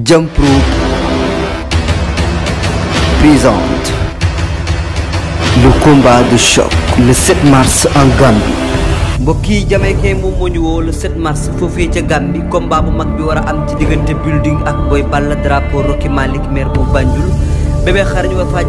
Jump présente le combat de choc le 7 mars en Gambie. mbokk yi jamaïcain moom moo mars foofee ca Gambie combat bu mag bi war a am ci diggante building ak Boy Balla drapeau Rocky Malick maire bu Banjul. bébé xar ñu war faa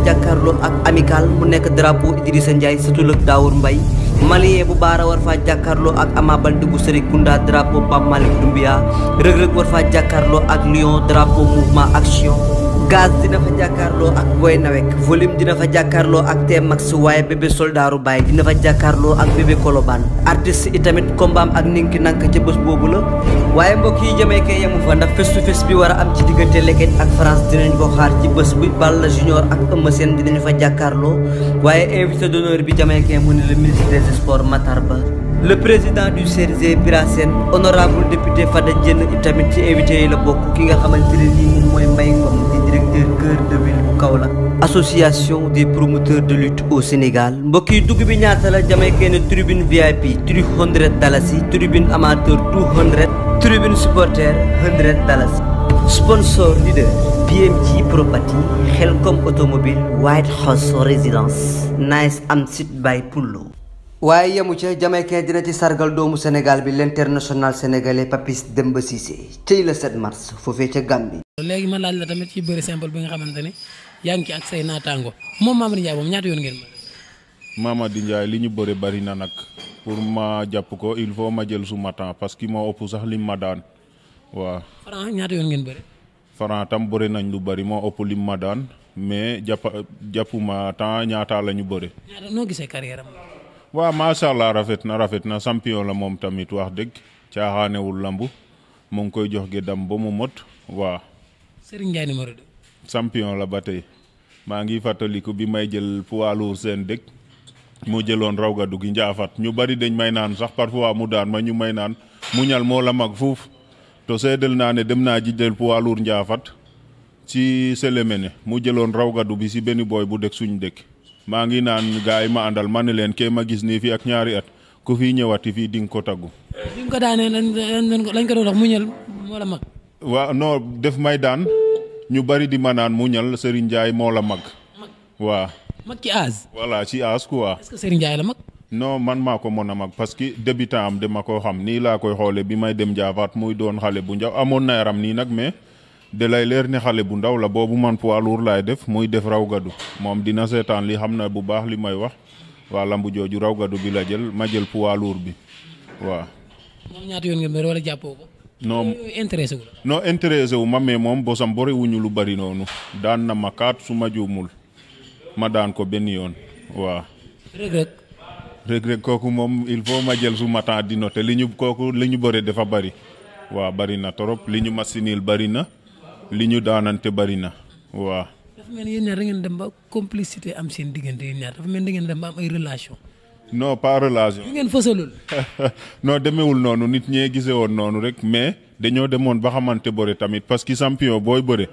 ak amical mu nekk drapeau Idrissa Ndiaye surtout ak Daour Mbaye. Malien bu Baara war faa jàkkarloo ak Ama Baldé bu Serekunda drapeau Pape Malick Doumbia Reug Reug war faa jàkkaarloo ak Lion drapeau Mouvement Action gaz dina fa jàkkaarloo ak boy nawek volume dina fa jàkkaarloo ak T-Max waaye bébé soldaaru baay dina fa jàkkaarloo ak bébé kolobaan artiste itamit kombaam ak ki nank ci bës boobu la waaye mbokk yi jameekee yemu fa ndax face to face bi war a am ci diggante Leket ak France dinañ ko xaar ci bës bi Balla Junior ak Eumeu Sène dinañ fa jàkkaarloo waaye invité d'honneur bi jameekee mu ne le ministre des sports Matar Ba le président du CNG Bira Sène honorable député Fada Diène itamit ci invité yi la bokk ki nga xamante ne nii moom mooy Mbaye Ngom directeur cœur de ville bu Kaolack association des promoteurs de lutte au Sénégal mbokk yi dugg bi ñaata la jamee kenn tribune VIP 300 dalasi tribune amateur tribune supporter 100 sponsor leader BMG Property Helcom automobile White House Residence Nice am site by Pullo waaye yemu ca jamaïcain dina ci sargal doomu Sénégal bi l'international sénégalais Papis Demba Cissé cëy la mars foofee ca Gambie léegi ma laaj la tamit ci bëri simple bi nga xamante ne yaa ngi ci ak say naataango moom Mamady Ndiaye moom ñaata yoon ngeen mën. Mamady Ndiaye li ñu bëri bari na nag pour ma jàpp ko il faut ma jël suma temps parce que moo ëpp sax lim ma daan waaw. Franc ñaata yoon ngeen bëri. nañ lu bëri moo ëpp lim ma daan mais jàpp jàppuma temps ñaata la ñu bëri. gisee carrière am. macha allah rafet na rafet na champion la moom tamit wax dëgg caaxaanewul lamb mu ngi koy jox gi dam ba mu mot waaw. Serigne Ndiaye numéro de champion la ba tey maa ngi fàttaliku bi may jël poids lourd seen dëkk moo jëloon raw gadu gi njaafat ñu bari dañ may naan sax parfois mu daan ma ñu may naan mu ñal moo la mag fuuf to seedal naa ne dem naa ji jël poids lourd njaafat ci ne mu jëloon raw gàddu bi si benn booy bu dëkk suñ dëkk. maa ngi naan gars yi ma àndal ma ne leen kee ma gis nii fii ak ñaari at ku fi ñëwaati fii di nga ko taggu. lañ ko doon mu ñal moo la mag. waaw non def may daan ñu bari di ma naan mu ñal Serigne Ndiaye moo la mag. mag waaw. mag ci aas. voilà ci aas quoi. est no man maa ko mën a mag parce que débutant am dama ko xam nii laa koy xoolee bi may dem jaafaat muy doon xale bu njaw amoon na yaram nii nag mais de lay leer ni xale bu ndaw la boobu man poids laay def muy def raw gadu moom dina seetaan li xam na bu baax li may wax waa lambu jooju raw gadu bi la jël ma jël poids bi waaw. non euh, intéressé wu intéressé wu ma mais moom bosam bori lu bari noonu daan na ma kaat su ma juumul ma daan ko benn yoon waaw. rëg-rëg. kooku moom il faut ma jël su ma temps di noter li ñu kooku li ñu bëre dafa bari waaw bari na trop li ñu masinil bari na li ñu daanante bari na waa dafa mel ni dem ba complicité am seen diggante yéen ñaar dafa mel ni da dem ba am ay relation non pas relation. ngeen fësalul. demeewul noonu nit ñee gisee woon noonu rek mais dañoo demoon ba xamante bëre tamit parce que champion booy bëre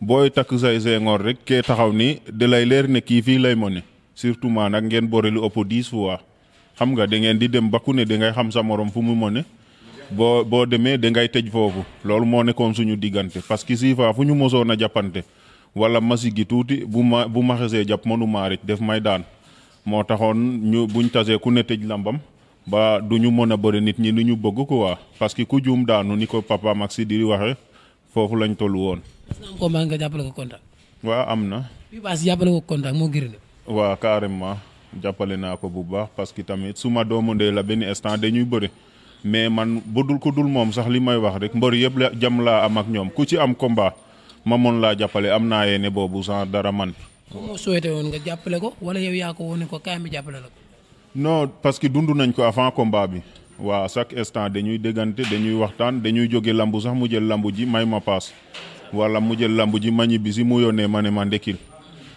booy takk say sengoor rek kee taxaw ni da lay leer ne kii fii lay mone surtout maa nag ngeen bëre lu ëpp dix fois xam nga da ngeen di dem ba ne da ngay xam sa morom fu mu mone boo boo demee da ngay tëj foofu loolu moo nekkoon suñu diggante parce que si fa fu ñu mosoon a jàppante wala masi gi tuuti bu ma bu ma xasee jàpp mënu maa rek def may daan. moo taxoon ñu buñ tasee ku ne tëj lambam ba du ñu mën a bëri nit ñi ni ñu bëgg quoi parce que ku juum daanu ni ko papa mag si di waxee foofu lañ toll woon. combat nga jàppale ko contact. waaw am na. bii baas jàppale ko contact moo jàppale naa ko bu baax parce que tamit su ma doomu ndey la benn instant dañuy bëri mais man bu dul ko dul moom sax li may wax rek mbër yëpp la jam laa am ak ñoom ku ci am combat ma mën laa jàppale am naa yéene boobu sax dara man. moom moo souhaité woon nga jàppale ko wala yow yaa ko woon ko kaay mi jàppale la ko. non parce que dund nañ ko avant combat bi waaw chaque instant dañuy déggante dañuy waxtaan dañuy jóge lambu sax mu jël lambu ji may ma paas wala mu jël lambu ji ma ñibbi si mu yónnee ma ne ma ndekkil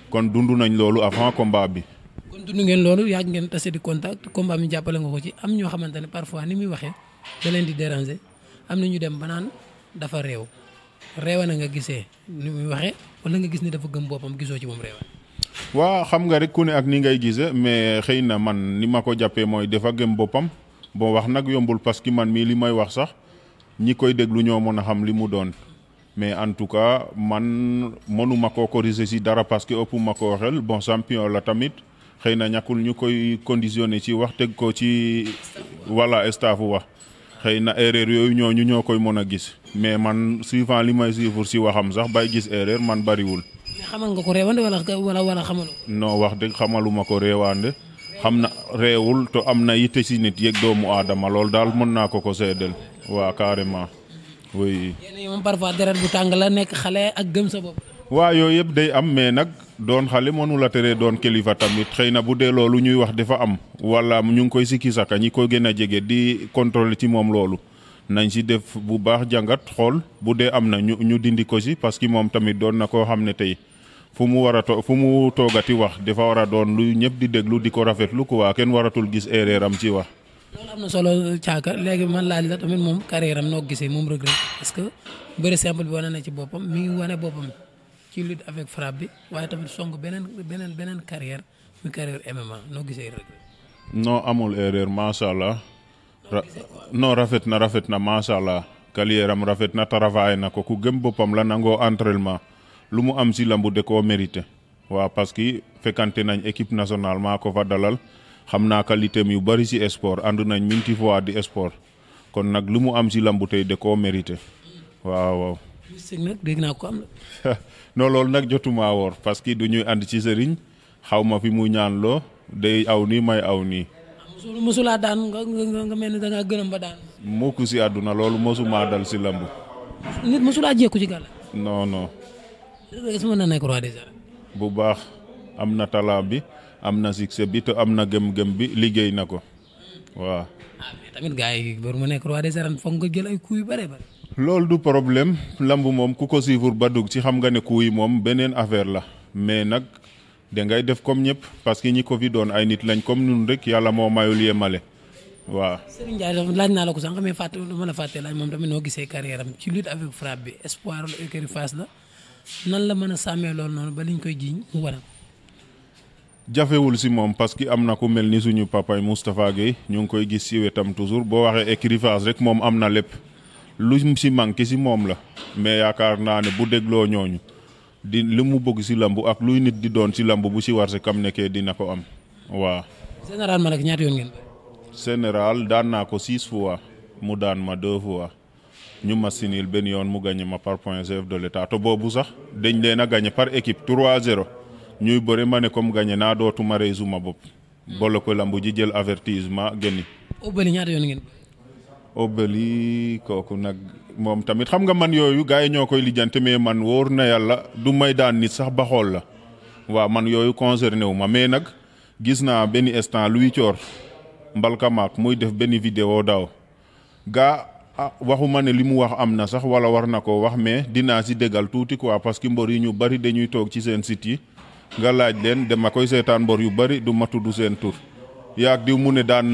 kon dundu nañ loolu avant combat bi. kon dund ngeen loolu yàgg ngeen tase di contact combat mi jàppale nga ko ci am ñoo xamante ne parfois ni muy waxee da leen di déranger am na ñu dem ba dafa réew. na nga gisee ni muy waxee wala nga gis ni dafa gëm boppam gisoo ci moom reewane. waaw xam nga rek ku ne ak ni ngay gisee mais xëy na man ni ma ko jàppee mooy dafa gëm boppam boo wax nag yombul parce que man mii li may wax sax ñi koy déglu ñoo mën a xam li mu doon. mais en tout cas man mënuma koo corriger si dara parce que ëpp ma koo xel bon sampion la tamit xëy na ñàkkul ñu koy conditionné ci wax teg ko ci. walla staff wax. xëy na erreur yooyu ñooñu ñoo koy mën a gis mais man suivant li may suivre si waxam sax bay gis erreur man bariwul. mais xamal nga ko réewande wala wala wala xamal. non wax dëgg xamaluma ko réewande xam na réewul te am na yi si nit yeeg doomu aadama lool daal mën naa ko ko seedeel waa carrément. oui. yéen moom parfois deret bu tàng la nekk xale ak gëm sa waa yooyu yëpp day am mais nag. doon xale mënu la tere doon kilifa tamit xëy na bu dee loolu ñuy wax dafa am wala ñu ngi koy sikki saka ñi ko gën a jege di contrôler ci moom loolu nañ si def bu baax jàngat xool bu dee am na ñu ñu dindi ko si parce que moom tamit doon na koo xam ne tey fu mu war a to fu mu toogati wax dafa war a doon lu ñëpp di déglu di ko rafetlu waa kenn waratul gis erreur am ci wax. loolu am na solo caaka léegi man laaj la tamit moom carrière am noo gisee moom Reug Reug parce que bëri simple bi wane ci boppam mi ngi wane boppam. ci lutte avec frappe bi waaye tamit song beneen beneen beneen carrière muy carrière MMA noo gisee rek. non amul erreur macha allah. noo rafet na rafet na macha allah. carrière am rafet na travail na ko ku gëm boppam la nangoo entraînement lu mu am si lambu de koo mérité. waaw parce que fekkante nañ équipe nationale maa ko fa dalal xam naa qualité yu bari si sport ànd nañ minti fois di sport kon nag lu mu am si lambu tey de koo mérité hmm. waaw waaw. non loolu nag jotumaa woor parce que du ñuy ànd ci sëriñ xaw ma fi mu ñaan loo day aw nii may aw nii. mosul mosulaa daan nga nga nga mel ni da ngaa ba daan. mukk si àdduna loolu mosumaa dal si lamb. nit mosulaa jékku ci gàll. non non. est-ce que nekk roi des bu baax am na talent bi am na succès bi te am na gëm-gëm bi liggéey na ko waaw. ah mais nekk loolu du problème lamb moom ku ko suivre ba dugg ci xam nga ne kuy moom beneen affaire la mais nag da def comme ñëpp parce que ñi ko fi doon ay nit lañ comme ñun rek yàlla moo mayul yemale waaw. Serigne Ndiaye laaj naa la ko sànq mais fàtte lu ma la fàtte laaj moom tamit noo gisee carrière am ci lutte avec frappe bi espoir la écurie Fass la nan la mën a sàmmee loolu noonu ba liñ koy jiiñ mu jafewul si moom parce que am na ku mel ni suñu papay Moustapha Guèye ñu ngi koy gis si wetam toujours boo waxee écurie rek moom am na lépp. lu si manqué si moom la mais yaakaar naa ne bu dégloo ñooñu di li mu bëgg si lambu ak luy nit di doon si lamb bu si war si kam nekkee dina ko am waaw. général Malek ñaata yoon ngeen. général daan naa ko six fois mu daan ma deux fois ñu ma benn yoon mu gagné ma par point chef de l'état te boobu sax dañ leen a gagné par équipe 3-0 ñuy bëri ma ne comme gagné naa dootuma réew ma bopp. boole ko lamb ji jël avertisement génni. obeli kooku nag moom tamit xam nga man yooyu gars yi ñoo koy lijjante mais man wóor na yàlla du may daan nit sax ba xool la waaw man yooyu concerné wu ma mais nag gis naa benn instant lu coor mbalka maak muy def benn vidéo daaw gaa ah, waxuma ne li mu wax am na sax wala war na koo wax mais dinaa si déggal tuuti quoi parce que mbor yi ñu bari dañuy toog ci seen site yi nga laaj leen dama koy seetaan mbor yu bari du ma du seen tur yaag diw mu ne daan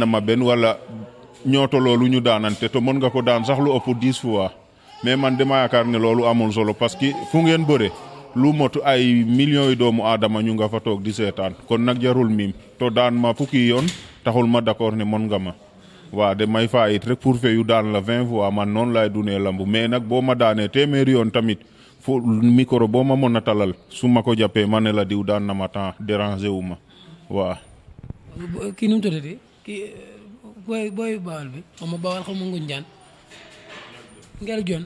ñooto loolu ñu daanante te mën nga ko daan sax lu ëpp dix fois mais man dama yaakaar ne loolu amul solo parce que fu ngeen bëre lu mot ay millions yi doomu aadama ñu nga fa toog di seetaan kon nag jarul miim to daan ma fukkii yoon taxul ma d'accord ne mën nga ma waaw de may faa it rek pour feyu daan la vingt fois man noonu laay dunee lambu mais nag boo ma daanee téeméeri yoon tamit fu micro boo ma mën na talal su ma ko jàppee ma ne la diw daan na ma temps déranger wu ma waaw. booy booy bawal bi xaw ma bawal xaw ma ngunjaan ngel jon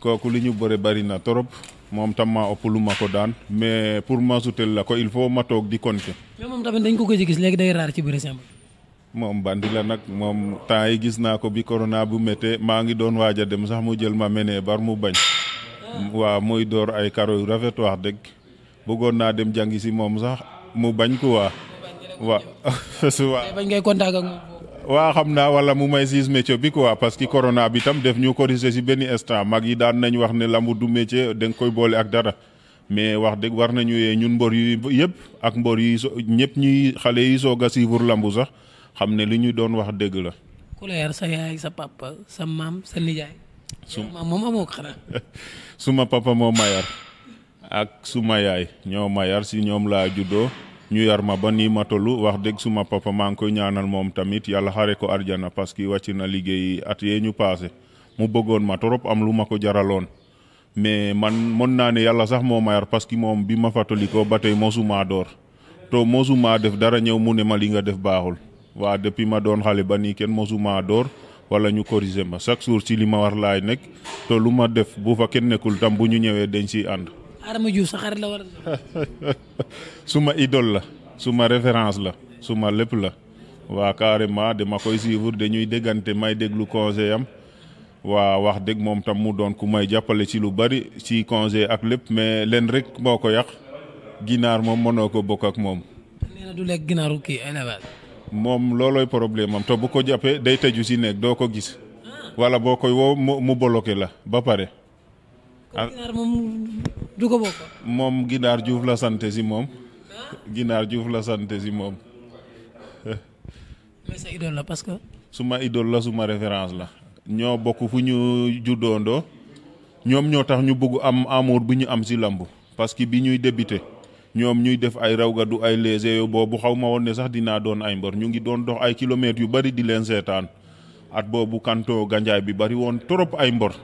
kooku li ñu bëre bari na trop moom tam maa ëpp lu ma ko daan mais pour ma sutel la ko il faut ma toog di kon mais moom tamit dañ ko gëj a gis léegi day raar ci bëre simple. moom bandi la nag moom temps yi gis naa ko bi corona bu méttee maa ngi doon waaja dem sax mu jël ma menee bar mu bañ. waaw muy door ay karo yu rafet wax dëgg bëggoon naa dem jàngi si moom sax mu bañ ko waa. waaw. bañ ngay waa xam naa wala mu may siis métier bi quoi parce que corona bi tam def ñu corriger si benn instant mag yi daan nañ wax ne lambu du métier da nga koy boole ak dara mais wax dëgg war nañu yee ñun mbor yi yëpp ak mbor yi so ñëpp ñuy xale yi soog a suivre lambu sax xam ne li ñu doon wax dëgg la. ku la yar sa yaay sa papa sa maam sa nijaay. su ma moom amoo xanaa. moo ma yar ak suma yaay ñoo ma yar si ñoom laa juddoo. ñu yar ma ba nii ma tollu wax dëgg suma papa maa ngi koy ñaanal moom tamit yàlla xare ko arjana parce que wàcc na liggéey at yee ñu passé mu bëggoon ma trop am lu ma ko jaraloon mais man mën naa ne yàlla sax moo ma yar parce que moom bi ma fàttalikoo ba tey mosumaa door to mosumaa def dara ñëw mu ne ma li nga def baaxul waa depuis ma doon xale ba nii kenn mosumaa door wala ñu corriger ma chaque jour ci li ma war laay nekk to lu ma def bu fa kenn nekkul tam bu ñu ñëwee dañ ànd Adama Diouf sa la war suma idole la suma référence la suma lépp la waa carrément dama koy suivre dañuy déggante may déglu conseil am waa wax dëgg moom tam mu doon ku may jàppale si lu bari ci conseil ak lépp mais leen rek boo ko yàq ginaar moom mënoo ko bokk ak moom. nee na kii élevage. moom loolooy problème am bu ko jàppee day tëju si nekk doo ko gis. Ah. wala boo koy woo mu mu la ba pare. Ah. ginaar moom ko bokk. moom ginaar Diouf la sant si moom. ginaar Diouf la sant si moom. mais sa idole la parce que. suma idole la suma référence la. ñoo bokk fu ñu juddoondoo ñoom ñoo tax ñu bugg am amour bu ñu am si lamb parce que bi ñuy débuté ñoom ñuy def ay raw rawgadu ay léger yo boobu xaw ma woon ne sax dinaa doon ay mbor ñu ngi doon dox ay kilomètres yu bari di leen seetaan at boobu kanto ganjaay bi bari woon trop ay mbor.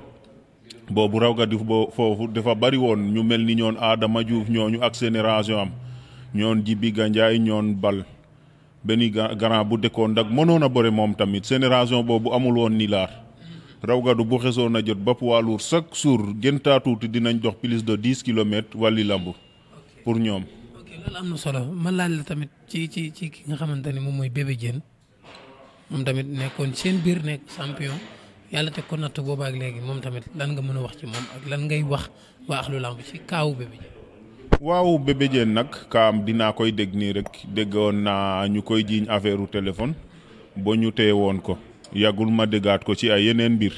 boobu rawga di foofu dafa bari woon ñu mel ni ñoon aadama Diouf ñooñu ak génération am ñoon Jibi Gandiaye ñoon Bal benn grand bu dëkkoon nag mënoon a bëre moom tamit génération boobu amul woon ni laar rawgadu bu xesoon a jot ba poids lourd chaque jour gën tuuti dinañ dox plus de dix kilomètres wàlli lamb pour ñoom. na solo ma laaj la tamit ci ci ci ki nga xamante ne moom mooy Bébé Diène moom tamit nekkoon seen biir nekk champion. yàlla teg ko natt booba ak moom tamit lan nga mën a wax ci moom lan ngay wax waa axlu lamb ci kaawu Bébé Diène waaw Bébé nag kaam dinaa koy dégg nii rek déggoon naa ñu koy jiiñ affaire u téléphone ba ñu tee woon ko yàggul ma déggaat ko ci ay yeneen mbir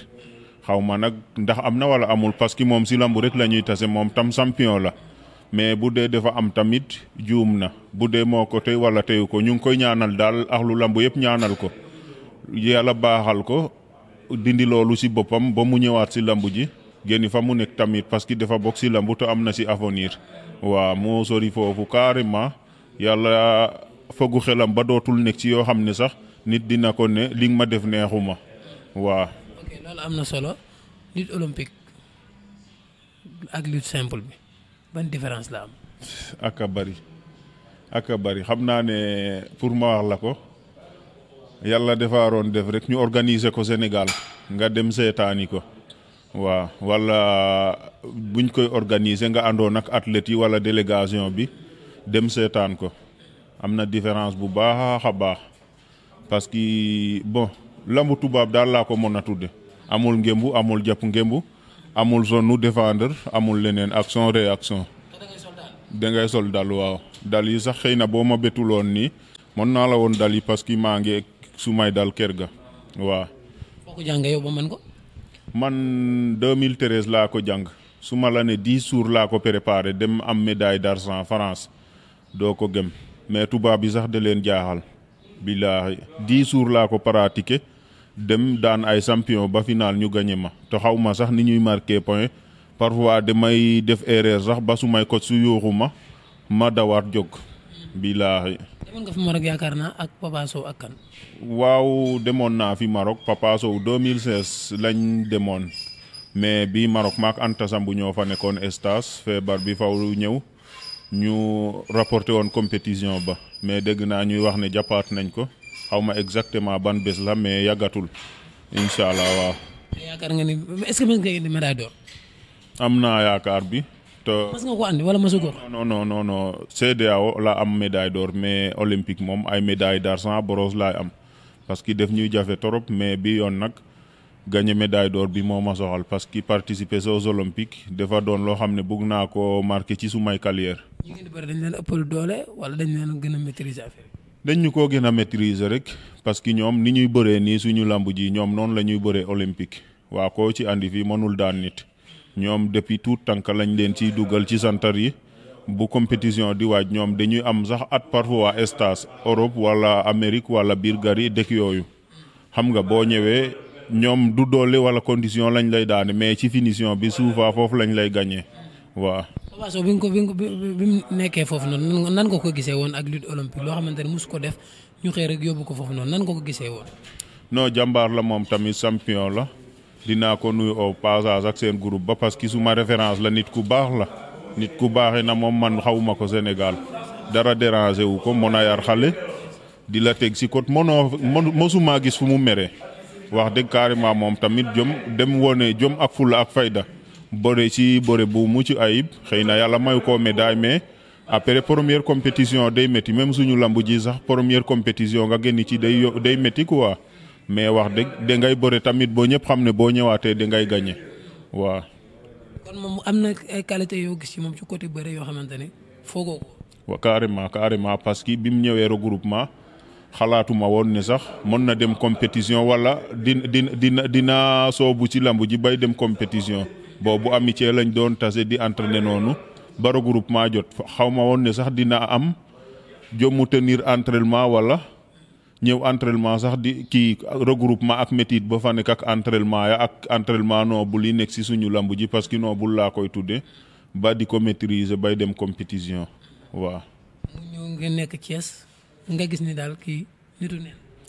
xaw ma nag ndax am na wala amul parce que moom si lambu rek la ñuy tase moom tam sampion la mais bu dee dafa am tamit juum na bu dee moo ko tey wala teyu ko ñu ngi koy ñaanal daal axlu lambu yëpp ñaanal ko yàlla baaxal ko dindi loolu si boppam ba mu ñëwaat si lamb ji génn fa mu nekk tamit parce que dafa bokk si lamb te am na si avenir waaw moo sori foofu carrément yàlla fogu xelam ba dootul nekk ci yoo xam ne sax nit dina ko ne li nga ma def neexuma waaw. ok loolu am na solo lutte olympique ak lutte simple bi ban différence la am. ak bari ak bari xam naa ne pour ma wax la ko. yàlla defaaroon def rek ñu organiser ko Sénégal nga dem seetaani ko waaw wala buñ koy organiser nga àndoon ak athlètes yi wala délégation bi dem seetaan ko am na différence bu baax a baax parce que bon lambu tubaab daal laa ko mën a tudde amul ngémbu amul jàpp ngémbu amul zone défendre amul leneen action réaction da ngay sol dal waaw dal yi sax xëy na boo ma betuloon nii mën naa la woon dal yi parce que maa ngi su may dal kër ga waaw. foo ko jàngee yow ba man laa ko jàng su ma la ne 10 jours laa ko préparé dem am médaille d'argent France doo ko gëm mais tubaab bi sax da leen jaaxal. billaahi 10 jours laa ko pratiqué dem daan ay champion ba finaal ñu gagné ma te xaw ma sax ni ñuy marqué point parfois damay def erreur sax ba su may ko su yooxu ma ma dawaat jóg. bilaahi. demoon nga fi Maroc yaakaar naa ak Papa Sow ak kan. waaw demoon naa fi Maroc Papa Sow 2016 lañ demoon mais bi Maroc maak Anta Samb ñoo fa nekkoon stage feebar bi faw ñëw ñu rapporté woon compétition ba mais dégg naa ñuy wax ne jàppaat nañ ko xaw ma exactement ban bés la mais yàggatul incha allah waaw. yaakaar nga am naa yaakaar bi. mas nga ko andi wala masu ko. non non non non CEDEAO laa am médaille d'or mais olympique moom ay médaille d'argent boros laay am parce que def ñuy jafe trop mais bi yoon nag gagné médaille d'or bi moo ma soxal parce que participer aux olympiques dafa doon loo xam ne bëgg naa ko marqué ci sumay carrière. dañ leen ëppal doole wala dañ leen gën a maîtriser affaire dañ ñu ko gën a maîtriser rek parce que ñoom ni ñuy bëree nii suñu làmb ji ñoom noonu la ñuy bëree olympique waa ci andi mënul daan nit. ñoom depuis tout tànk lañ leen ciy dugal ci santar yi bu compétition di waaj ñoom dañuy am sax at parfois stage Europe wala Amérique wala biir gari dëkk yooyu xam nga boo ñëwee ñoom du doole wala condition lañ lay daane mais ci finition bi souvent foofu lañu lay gañee waaw. Papa Sow bi nga ko bi nga ko nekkee foofu noonu nan ko gisee woon loo xamante ne mosu ko def ñu xëy ko foofu noonu nan nga ko gisee woon. noo jàmbaar la moom tamit champion la. dinaa ko nuyu au passage ak seen groupe ba parce que suma référence la nit ku baax la nit ku baaxee na moom man xawuma ko Sénégal dara dérangé wu ko mën a yar xale di la teg si kot mënoo mësumaa gis fu mu mere wax dëgg carrément moom tamit jom dem wone jom ak fula ak fayda bëre ci bëre bu mucc ayib xëy na yàlla mayu koo médaille mais après première compétition day métti même suñu lamb ji sax première compétition nga génn ci day day métti quoi mais wax dëgg da ngay tamit boo ñëpp xam ne boo ñëwaatee da ngay gagné waaw. kon moom am na qualité yoo gis ci moom ci côté bëre yoo xamante ne foogoo ko. waaw carrément parce que bi mu ñëwee regroupement xalaatuma woon ne sax mën na dem compétition wala di di dina dina soobu ci lambu ji bay dem compétition boobu amitié lañ doon tase di entraîner noonu ba groupement jot xaw ma woon ne sax dina am jomu tenir entraînement wala. ñëw entraînement sax di kii regroupement ak métit ba fa nekk ak entraînement ya ak entraînement noobul li nekk si suñu lamb ji parce que noobul laa koy tuddee ba di ko maîtriser bay dem compétition waaw. mu ñëw nga nekk Thiès nga gis ni daal kii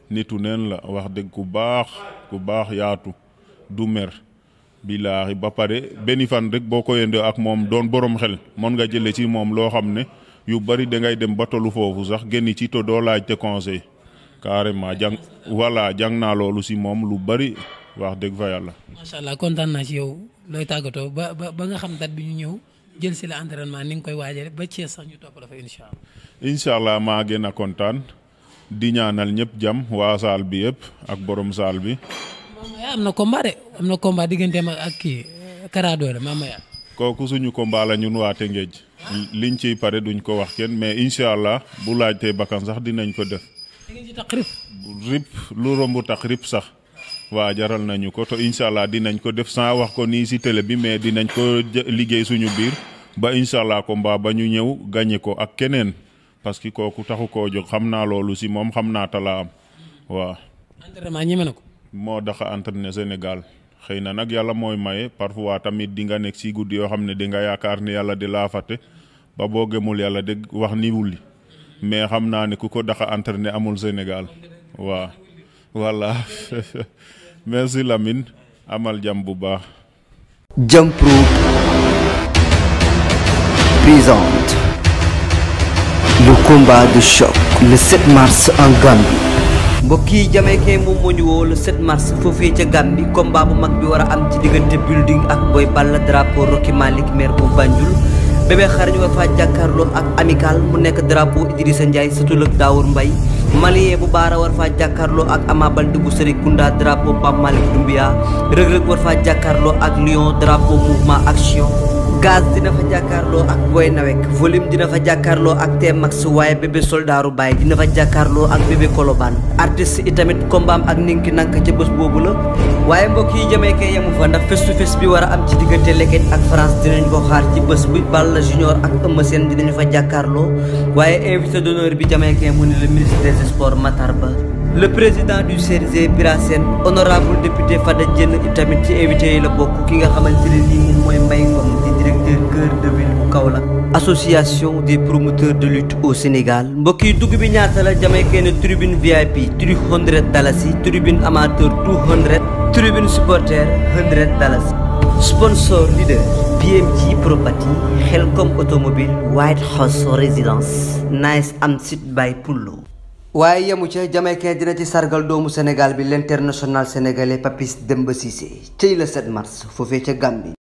nitu neen. la wax dëgg ku baax ku baax yaatu du mer bilaahi ba pare benn fan rek boo ko yëndee ak moom doon borom xel mën nga jëlee ci moom loo xam ne yu bari da ngay dem ba tollu foofu sax génn ci to doo laaj te conseil. carrément jàng voilà jàng naa loolu si moom lu bari wax dëgg fa yàlla. macha allah kontaan naa ci yow looy tàggatoo ba ba nga xam date bi ñu ñëw jël si la entraînement ni nga koy waajale ba Thiès sax ñu topp la fa incha allah. allah maa gën a kontaan di ñaanal ñëpp jàmm waa saal bi yëpp ak borom saal bi. Mamaya am na combat de am na combat digganteem ak kii Kara Dollé Mamaya. kooku suñu combat la ñun waa Tëngéej liñ ciy pare duñ ko wax kenn mais incha allah bu laajtee bakkan sax dinañ ko def. rip lu romb tax rip sax waa jaral nañu ko te incha allah dinañ ko def sans wax ko nii si télé bi mais dinañ ko liggéey suñu biir ba incha allah combat ba ñu ñëw gagné ko ak keneen parce que kooku taxu ko jóg xam naa loolu si moom xam naa talaa am waaw. entraînement ñeme na ko. moo dax a ne Sénégal xëy na nag yàlla mooy maye parfois tamit di nga nekk si guddi yoo xam ne di nga yaakaar ne yàlla di laa fàtte ba boo gëmul yàlla dégg wax ni wulli mais xam naa ne ku ko daxa entraîné amul Sénégal waaw voilà merci Lamine amal jàmm bu baax. Jam Pro présente le combat de choc le 7 mars en Gambie. mbokk yi jameekee moom moo ñu mars foofee ca Gambie combat bu mag bi war a am ci diggante building ak Boy Balla drapeau Rocky Malick maire bu Banjul. bébé xar ñu fa jàkkaarloo ak amical mu nekk drapeau Idrissa Ndiaye surtout ak Daour Mbaye Malien bu baara war faa jàkkarloo ak Ama Baldé bu Serekunda drapeau Pape Malick Doumbia Reug Reug war faa jàkkaarloo ak Lion drapeau Mouvement Action gaz dina fa jàkkaarloo ak boy nawek volume dina fa jàkkaarloo ak T-Max waaye bébé soldaaru baay dina fa jàkkaarloo ak bébé kolobaan artiste yi tamit kombaam ak ninki nanka ci bës boobu la waaye mbokk yi jameekee yemu fa ndax face to bi war a am ci diggante Leket ak France dinañ ko xaar ci bés bi Balla Junior ak Eumeu Sène dinañu fa jàkkaarloo waaye invité d'honneur bi jameekee mu ne le ministre des sports Matar Ba le président du CNG Bira Sène honorable député Fada Diène itamit ci invité yi la bokk ki nga xamante ne nii moom mooy Mbaye Ngom di directeur cœur de ville bu Kaolack association des promoteurs de lutte au Sénégal mbokk yi dugg bi ñaata la jamee kenn tribune VIP 300 dalasi tribune amateur 200 tribune supporter 100 dalasi sponsor leader BMG Property Helcom automobile White House Residence Nice Am Sit by Pullo waaye yemu ca jamaïcain dina ci sargal doomu Sénégal bi l'international sénégalais Papis Demba Cissé cëy la 7 mars foofee ca bi